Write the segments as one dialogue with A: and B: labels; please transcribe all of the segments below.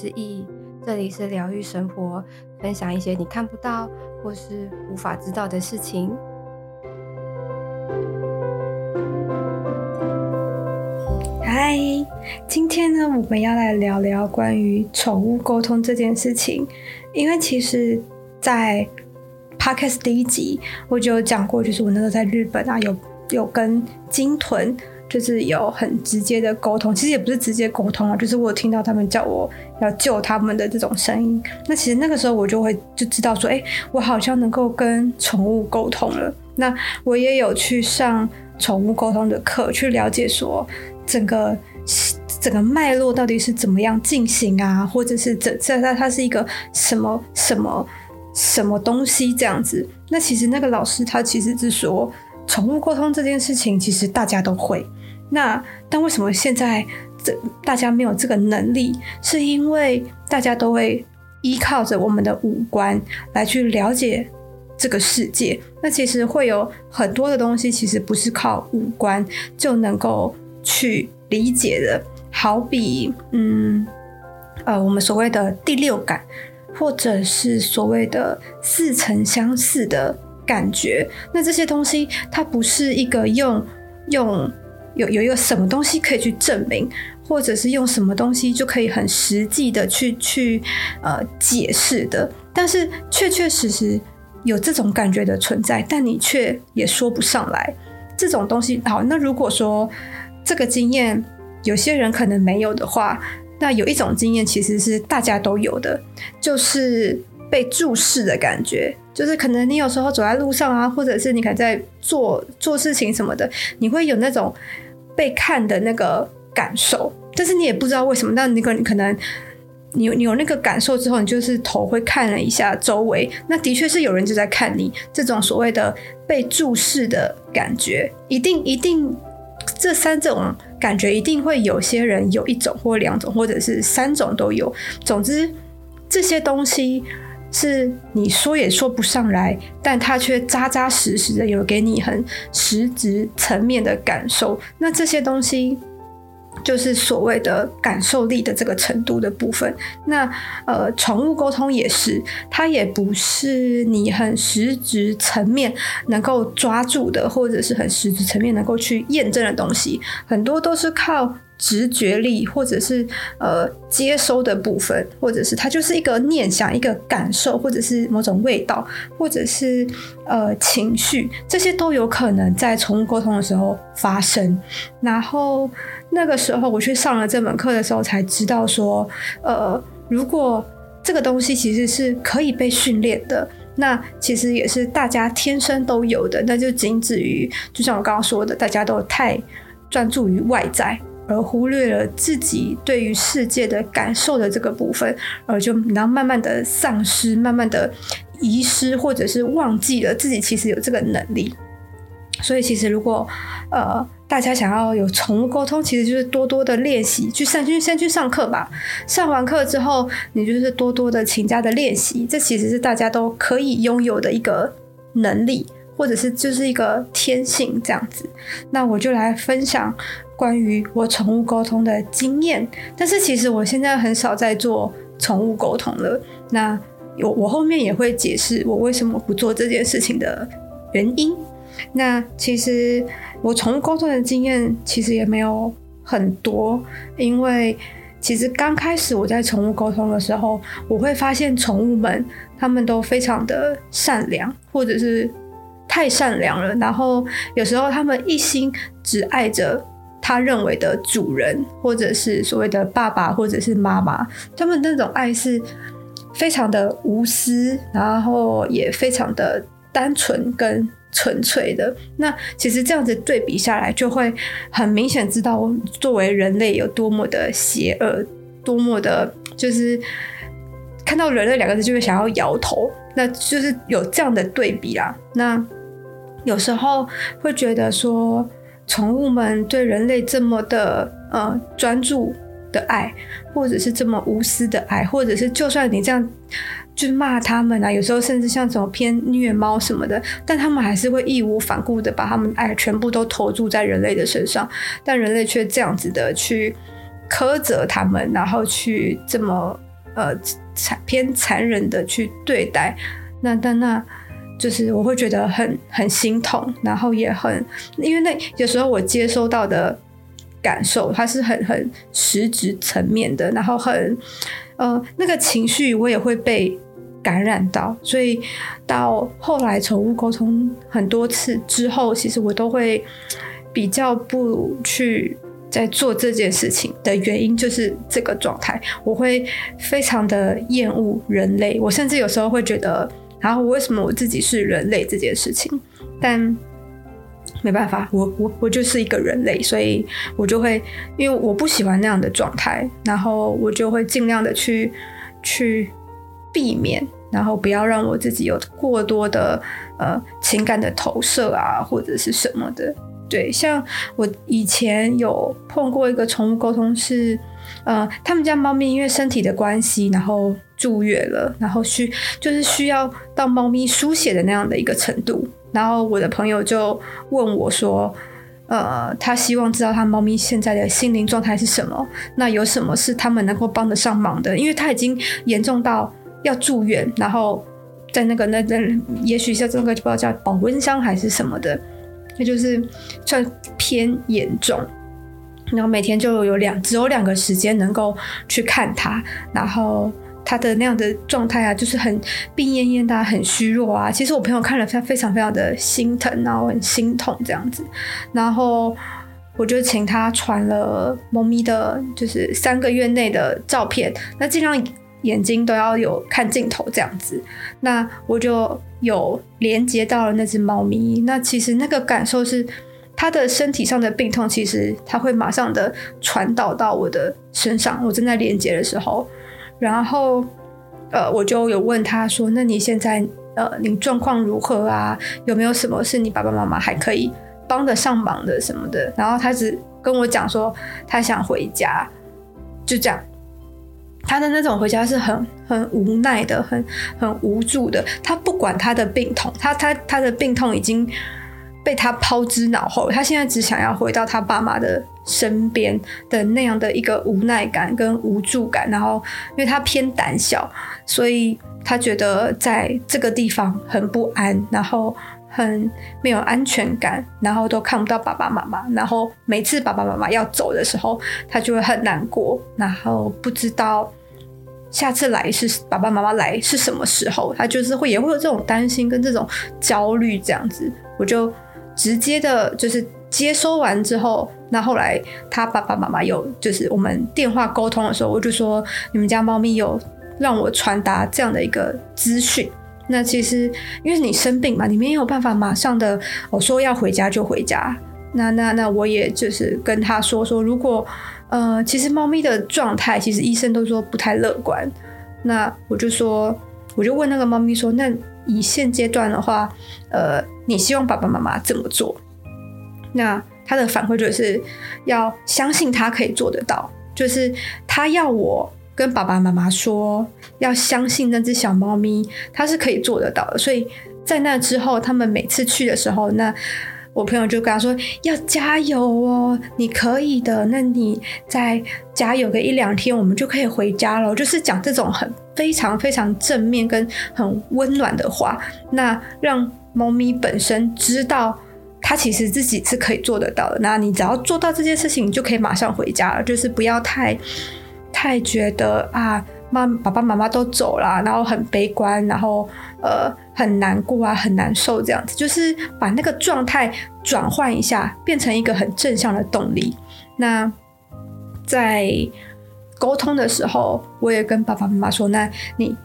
A: 之意，這裡是療癒生活，分享一些你看不到或是無法知道的事情。嗨，今天呢，我們要來聊聊關於寵物溝通這件事情。因為其實，在 Podcast 第一集我就講過，就是我那時候在日本啊，有有跟鯨豚，就是有很直接的溝通，其實也不是直接溝通啊，就是我聽到他們叫我要救他們的這種聲音，那其實那個時候我就會就知道說，誒，我好像能夠跟寵物溝通了。那我也有去上寵物溝通的課，去了解說整個整個脈絡到底是怎麼樣進行啊，或者是這這它它是一個什麼什麼什麼東西這樣子。那其實那個老師他其實是說，寵物溝通這件事情其實大家都會。那，但為什麼現在這大家沒有這個能力？是因為大家都會依靠着我們的五官來去了解這個世界。那其實會有很多的東西，其實不是靠五官就能夠去理解的。好比，嗯，呃，我們所謂的第六感，或者是所謂的似曾相識的感覺，那這些東西，它不是一個用用。有有一個什麼東西可以去證明，或者是用什麼東西就可以很實際的去去呃解釋的，但是確確實實有這種感覺的存在，但你卻也說不上來這種東西。好，那如果說這個經驗有些人可能沒有的話，那有一種經驗其實是大家都有的，就是被注視的感覺，就是可能你有時候走在路上啊，或者是你可能在做做事情什麼的，你會有那種，被看的那個感受，但是你也不知道為什麼。那你可能，你你有那個感受之後，你就是頭會看了一下周圍，那的確是有人就在看你，這種所謂的被注視的感覺，一定一定這三種感覺一定會有些人有一種或兩種或者是三種都有。總之這些東西。是你說也說不上來，但他卻扎扎實實的有給你很實質層面的感受。那這些東西。就是所謂的感受力的這個程度的部分。那呃，寵物溝通也是，它也不是你很實質層面能夠抓住的，或者是很實質層面能夠去驗證的東西。很多都是靠直覺力，或者是呃接收的部分，或者是它就是一個念想、一個感受，或者是某種味道，或者是呃情緒，這些都有可能在寵物溝通的時候發生，然後。那個時候我去上了這門課的時候，才知道說，呃，如果這個東西其實是可以被訓練的，那其實也是大家天生都有的，那就僅止於就像我剛剛說的，大家都太專注於外在，而忽略了自己對於世界的感受的這個部分，而就然後慢慢的喪失，慢慢的遺失，或者是忘記了自己其實有這個能力。所以其實如果呃。大家想要有寵物溝通，其實就是多多的練習，去上去先去上課吧。上完課之後，你就是多多的勤加的練習。這其實是大家都可以擁有的一個能力，或者是就是一個天性這樣子。那我就來分享關於我寵物溝通的經驗。但是其實我現在很少在做寵物溝通了。那我我後面也會解釋我為什麼不做這件事情的原因。那其實我寵物溝通的經驗其實也沒有很多，因為其實剛開始我在寵物溝通的時候，我會發現寵物們他們都非常的善良，或者是太善良了，然後有時候他們一心只愛着他認為的主人，或者是所謂的爸爸，或者是媽媽，他們那種愛是非常的無私，然後也非常的單純，跟，純粹的，那其實這樣子對比下來，就會很明顯知道作為人類有多麼的邪惡，多麼的，就是看到人類兩個字就會想要搖頭。那就是有這樣的對比啦。那有時候會覺得說，寵物們對人類這麼的呃專注的愛，或者是這麼無私的愛，或者是就算你這樣。去罵他們啊，有時候甚至像什麼偏虐貓什麼的，但他們還是會義無反顧的把他們愛、哎、全部都投注在人類的身上，但人類卻這樣子的去苛責他們，然後去這麼呃殘偏殘忍的去對待那，但那，那就是我會覺得很很心痛，然後也很因為那有時候我接收到的感受它是很很實質層面的，然後很呃那個情緒我也會被。感染到，所以到後來寵物溝通很多次之後，其實我都會比較不去在做這件事情的原因就是這個狀態，我會非常的厭惡人類，我甚至有時候會覺得，然後為什麼我自己是人類這件事情，但沒辦法，我我我就是一個人類，所以我就會因為我不喜歡那樣的狀態，然後我就會盡量的去去。避免，然後不要讓我自己有過多的呃情感的投射啊，或者是什麼的。對，像我以前有碰過一個寵物溝通是，呃，他們家貓咪因為身體的關係，然後住院了，然後需就是需要到貓咪輸血的那樣的一個程度。然後我的朋友就問我說，呃，他希望知道他貓咪現在的心靈狀態是什麼，那有什麼是他們能夠幫得上忙的？因為他已經嚴重到。要住院，然後在那個那那，也許像這、那個就不知道叫保溫箱還是什麼的，那就是算偏嚴重。然後每天就有兩隻有兩個時間能夠去看他，然後他的那樣的狀態啊，就是很病懨懨的啊，很虛弱啊。其實我朋友看了非常非常的心疼，然後很心痛這樣子。然後我就請他傳了貓咪的，就是三個月內的照片，那儘量。眼睛都要有看鏡頭這樣子，那我就有連接到了那隻貓咪。那其實那個感受是，他的身體上的病痛，其實他會馬上的傳導到我的身上。我正在連接的時候，然後呃，我就有問他說：“那你現在呃，你狀況如何啊？有沒有什麼事你爸爸媽媽還可以幫得上忙的什麼的？”然後他只跟我講說：“他想回家。”就這樣。他的那種回家是很很無奈的，很很無助的。他不管他的病痛，他他他的病痛已經被他拋之腦後。他現在只想要回到他爸媽的身邊的那樣的一個無奈感跟無助感。然後，因為他偏膽小，所以他覺得在這個地方很不安，然後很沒有安全感，然後都看不到爸爸媽媽。然後每次爸爸媽媽要走的時候，他就會很難過，然後不知道。下次來是爸爸媽媽來是什麼時候？他就是會也會有這種擔心跟這種焦慮這樣子，我就直接的就是接收完之後，那後來他爸爸媽媽有就是我們電話溝通的時候，我就說你們家貓咪有讓我傳達這樣的一個資訊。那其實因為你生病嘛，你沒有辦法馬上的，我說要回家就回家。那那那我也就是跟他說說如果。呃，其實貓咪的狀態，其實醫生都說不太樂觀。那我就說，我就問那個貓咪說：“那以現階段的話，呃，你希望爸爸媽媽怎麼做？”那他的反饋就是要相信他可以做得到，就是他要我跟爸爸媽媽說，要相信那隻小貓咪，他是可以做得到的。所以在那之後，他們每次去的時候，那我朋友就跟他說：“要加油哦，你可以的。那你再加油個一兩天，我們就可以回家了。”就是講這種很非常非常正面跟很溫暖的話，那讓貓咪本身知道，它其實自己是可以做得到的。那你只要做到這件事情，你就可以馬上回家了。就是不要太太覺得啊，媽爸爸媽媽都走了，然後很悲觀，然後呃。很難過啊，很難受，這樣子就是把那個狀態轉換一下，變成一個很正向的動力。那在溝通的時候，我也跟爸爸媽媽說，那你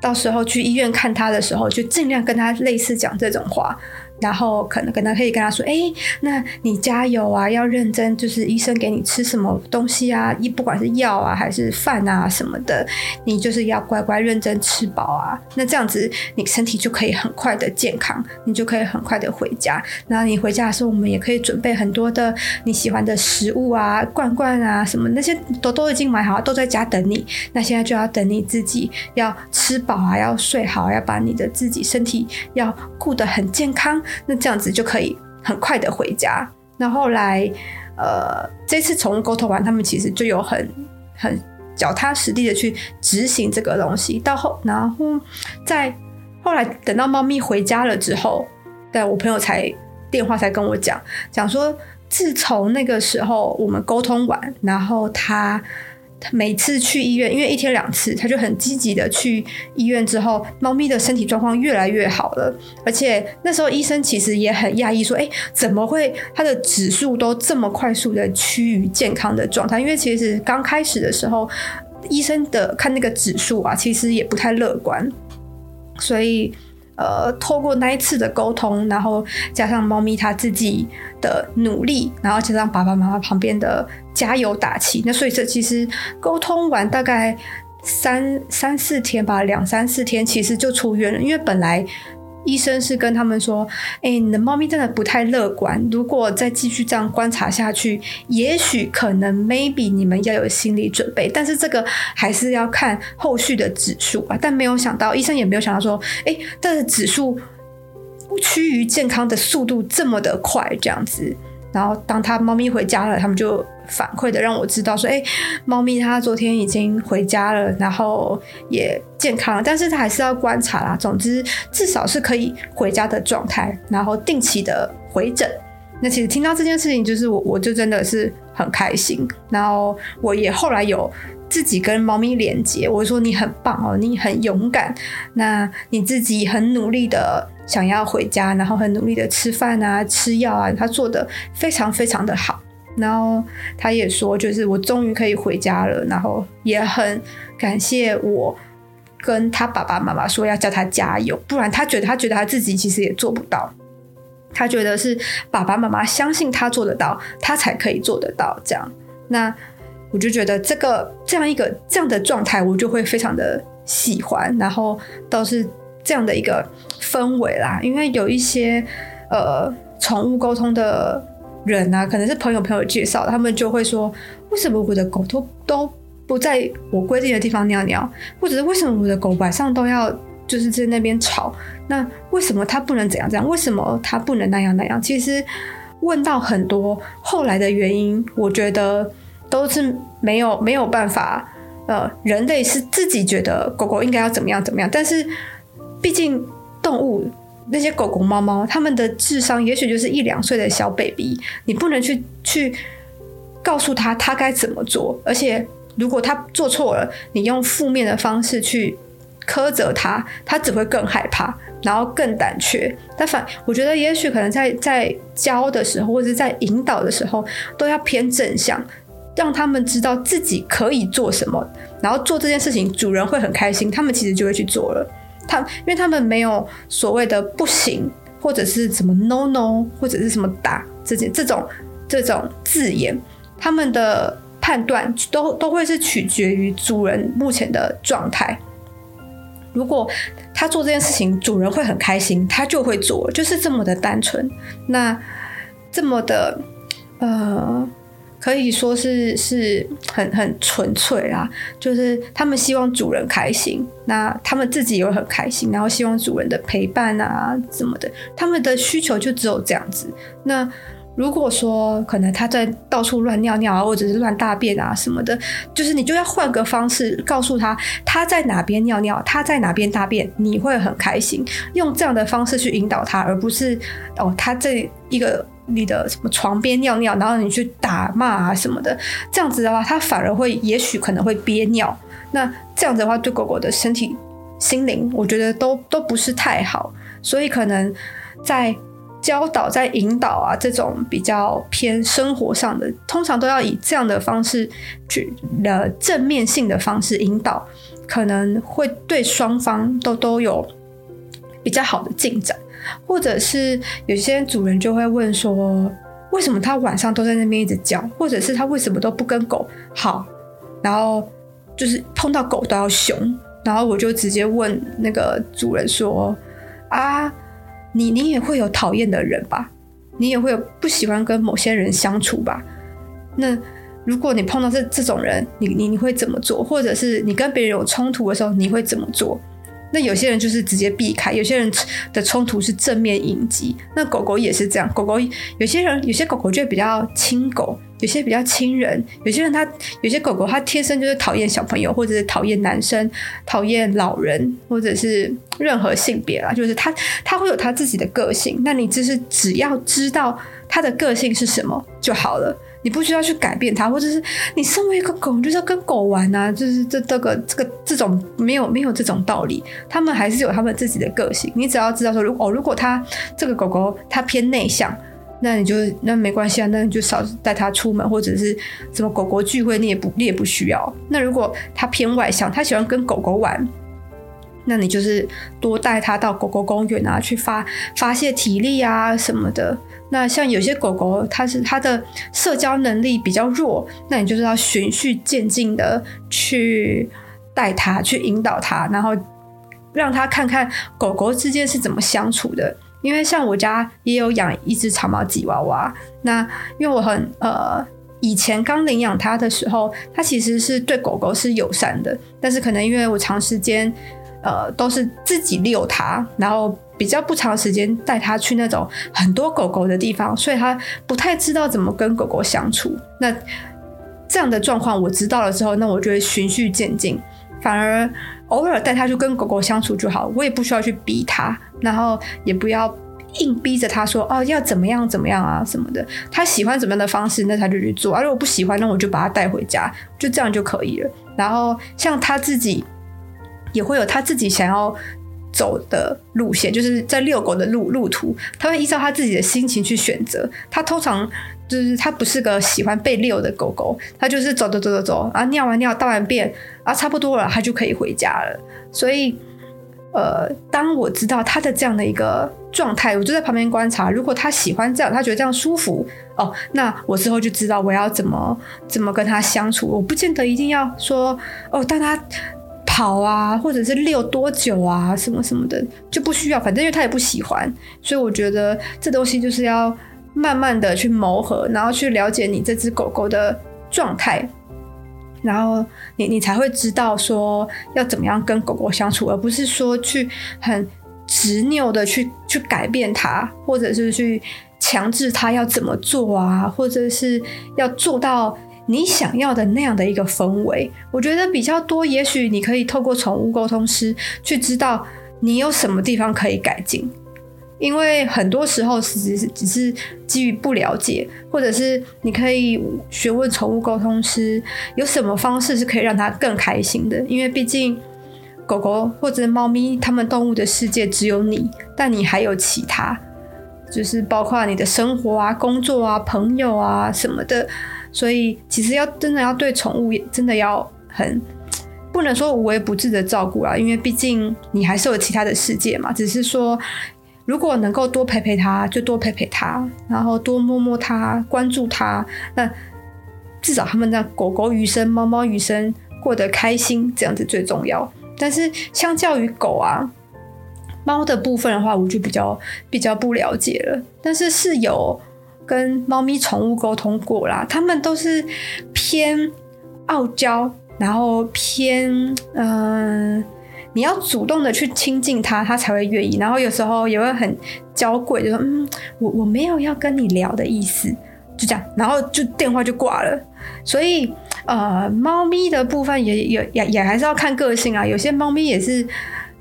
A: 到時候去醫院看他的時候，就盡量跟他類似講這種話。然後可能跟他可、可以跟他說：“哎，那你加油啊，要認真，就是醫生給你吃什麼東西啊？一不管是藥啊還是飯啊什麼的，你就是要乖乖認真吃飽啊。那這樣子你身體就可以很快的健康，你就可以很快的回家。那你回家的時候，我們也可以準備很多的你喜歡的食物啊、罐罐啊什麼的那些都都已經買好，都在家等你。那現在就要等你自己要吃飽啊，要睡好，要把你的自己身體要顧得很健康。”那這樣子就可以很快的回家。那後來，呃，這次寵物溝通完，他們其實就有很很腳踏實地的去執行這個東西。到後，然後在後來等到貓咪回家了之後，對我朋友才電話才跟我講，講說自從那個時候我們溝通完，然後他。每次去醫院，因為一天兩次，他就很積極的去醫院。之後，貓咪的身體狀況越來越好了，而且那時候醫生其實也很訝異，說：“哎、欸，怎麼會它的指數都這麼快速的趨於健康的狀態？”因為其實剛開始的時候，醫生的看那個指數啊，其實也不太樂觀。所以，呃，透過那一次的溝通，然後加上貓咪它自己的努力，然後加上爸爸媽媽旁邊的。加油打氣，那所以這其實溝通完大概三三四天吧，兩三四天其實就出院了。因為本來醫生是跟他們說：“欸，你的貓咪真的不太樂觀，如果再繼續這樣觀察下去，也許可能 maybe 你們要有心理準備。”但是這個還是要看後續的指數啊。但沒有想到，醫生也沒有想到說：“欸，這個指數不趨於健康的速度這麼的快，這樣子。”然後當他貓咪回家了，他們就。反饋的讓我知道說，哎、欸，貓咪它昨天已經回家了，然後也健康了，但是它還是要觀察啦。總之，至少是可以回家的狀態，然後定期的回診。那其實聽到這件事情，就是我我就真的是很開心。然後我也後來有自己跟貓咪連接，我說，你很棒哦，你很勇敢，那你自己很努力的想要回家，然後很努力的吃飯啊、吃藥啊，它做的非常非常的好。然後他也說，就是我終於可以回家了。然後也很感謝我跟他爸爸媽媽說要叫他加油，不然他覺得他覺得他自己其實也做不到。他覺得是爸爸媽媽相信他做得到，他才可以做得到這樣。那我就覺得這個這樣一個這樣的狀態，我就會非常的喜歡。然後都是這樣的一個氛圍啦，因為有一些呃寵物溝通的。人啊，可能是朋友朋友介紹，他們就會說：為什麼我的狗都都不在我規定的地方尿尿，或者是為什麼我的狗晚上都要就是在那邊吵？那為什麼它不能怎樣這樣？為什麼它不能那樣那樣？其實問到很多後來的原因，我覺得都是沒有沒有辦法。呃，人類是自己覺得狗狗應該要怎麼樣怎麼樣，但是畢竟動物。那些狗狗貓貓，它們的智商也許就是一兩歲的小 baby，你不能去去告訴他他該怎麼做。而且，如果他做錯了，你用負面的方式去苛責他，他只會更害怕，然後更膽怯。但反，我覺得也許可能在在教的時候，或者在引導的時候，都要偏正向，讓他們知道自己可以做什麼，然後做這件事情，主人會很開心，他們其實就會去做了。他，因為他們沒有所謂的不行，或者是怎麼 no no，或者是什麼打這些這種這種字眼，他們的判斷都都會是取決於主人目前的狀態。如果他做這件事情，主人會很開心，他就會做，就是這麼的單純，那這麼的呃。可以說是是很很純粹啊，就是他們希望主人開心，那他們自己也會很開心，然後希望主人的陪伴啊什麼的，他們的需求就只有這樣子。那如果說可能他在到處亂尿尿啊，或者是亂大便啊什麼的，就是你就要換個方式告訴他，他在哪邊尿尿，他在哪邊大便，你會很開心，用這樣的方式去引導他，而不是哦，他這一個。你的什麼床邊尿尿，然後你去打罵啊什麼的，這樣子的話，它反而會也許可能會憋尿。那這樣子的話，對狗狗的身體、心靈，我覺得都都不是太好。所以可能在教導、在引導啊，這種比較偏生活上的，通常都要以這樣的方式去的，正面性的方式引導，可能會對雙方都都有比較好的進展。或者是有些主人就會問說，為什麼他晚上都在那邊一直叫，或者是他為什麼都不跟狗好，然後就是碰到狗都要兇，然後我就直接問那個主人說：“啊，你你也會有討厭的人吧？你也會有不喜歡跟某些人相處吧？那如果你碰到這這種人，你你你會怎麼做？或者是你跟別人有衝突的時候，你會怎麼做？”那有些人就是直接避開，有些人的衝突是正面迎擊。那狗狗也是這樣，狗狗有些人，有些狗狗就比較親狗，有些比較親人，有些人他，有些狗狗它天生就是討厭小朋友，或者是討厭男生、討厭老人，或者是任何性別啦。就是它它會有它自己的個性。那你就是只要知道它的個性是什麼就好了。你不需要去改變它，或者是你身為一個狗，你就是要跟狗玩啊，就是這個、這個這個這種沒有沒有這種道理，他們還是有他們自己的個性。你只要知道說，如哦如果它這個狗狗它偏內向，那你就那沒關係啊，那你就少帶它出門，或者是什麼狗狗聚會，你也不你也不需要。那如果它偏外向，它喜歡跟狗狗玩。那你就是多帶它到狗狗公園啊，去發發洩體力啊什麼的。那像有些狗狗，它是它的社交能力比較弱，那你就是要循序漸進的去帶它，去引導它，然後讓它看看狗狗之間是怎麼相處的。因為像我家也有養一隻長毛吉娃娃，那因為我很呃，以前剛領養它的時候，它其實是對狗狗是友善的，但是可能因為我長時間。呃，都是自己遛它,然後比較不長時間帶它去那種很多狗狗的地方，所以他不太知道怎麼跟狗狗相處。那這樣的狀況我知道了之後，那我就會循序漸進，反而偶爾帶他去跟狗狗相處就好。我也不需要去逼他，然後也不要硬逼着他說，哦，要怎麼樣怎麼樣啊，什麼的。他喜歡怎麼樣的方式，那他就去做，而如果不喜歡，那我就把它帶回家，就這樣就可以了。然後像他自己。也會有他自己想要走的路線，就是在遛狗的路路途，他會依照他自己的心情去選擇。他通常就是他不是個喜歡被遛的狗狗，他就是走走走走走，啊，尿完尿，大完便，啊，差不多了，他就可以回家了。所以，呃，當我知道他的這樣的一個狀態，我就在旁邊觀察。如果他喜歡這樣，他覺得這樣舒服，哦，那我之後就知道我要怎麼怎麼跟他相處。我不見得一定要說，哦，當他。跑啊，或者是遛多久啊，什麼什麼的就不需要。反正因為他也不喜歡，所以我覺得這東西就是要慢慢的去磨合，然後去了解你這隻狗狗的狀態，然後你你才會知道說要怎麼樣跟狗狗相處，而不是說去很執拗的去去改變它，或者是去強制它要怎麼做啊，或者是要做到。你想要的那樣的一個氛圍，我覺得比較多。也許你可以透過寵物溝通師去知道你有什麼地方可以改進，因為很多時候是只是只是基於不了解，或者是你可以詢問寵物溝通師有什麼方式是可以讓它更開心的。因為畢竟狗狗或者貓咪，它們動物的世界只有你，但你還有其他，就是包括你的生活啊、工作啊、朋友啊什麼的。所以其實要真的要對寵物，真的要很不能說無微不至的照顧啦，因為畢竟你還是有其他的世界嘛。只是說，如果能夠多陪陪它，就多陪陪它，然後多摸摸它，關注它，那至少它們讓狗狗餘生、貓貓餘生過得開心，這樣子最重要。但是相較於狗啊，貓的部分的話，我就比較比較不了解了。但是是有。跟貓咪寵物溝通過啦，他們都是偏傲嬌，然後偏嗯、呃，你要主動的去親近它，它才會願意。然後有時候也會很嬌貴，就說嗯，我我沒有要跟你聊的意思，就這樣，然後就電話就掛了。所以呃，貓咪的部分也也也也還是要看個性啊，有些貓咪也是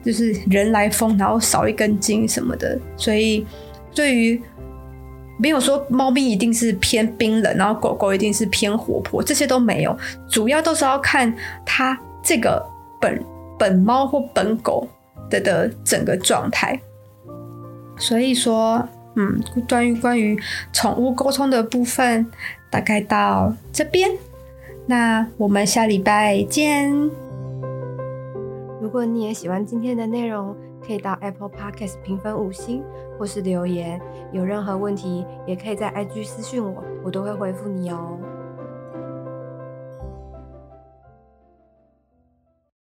A: 就是人來瘋，然後少一根筋什麼的。所以對於沒有說貓咪一定是偏冰冷，然後狗狗一定是偏活潑，這些都沒有，主要都是要看它這個本本貓或本狗的的整個狀態。所以說，嗯，關於關於寵物溝通的部分，大概到這邊。那我們下禮拜見。如果你也喜歡今天的內容，可以到 Apple Podcast 評分五星，或是留言，有任何問題，也可以在 IG 私訊我，我都會回復你哦。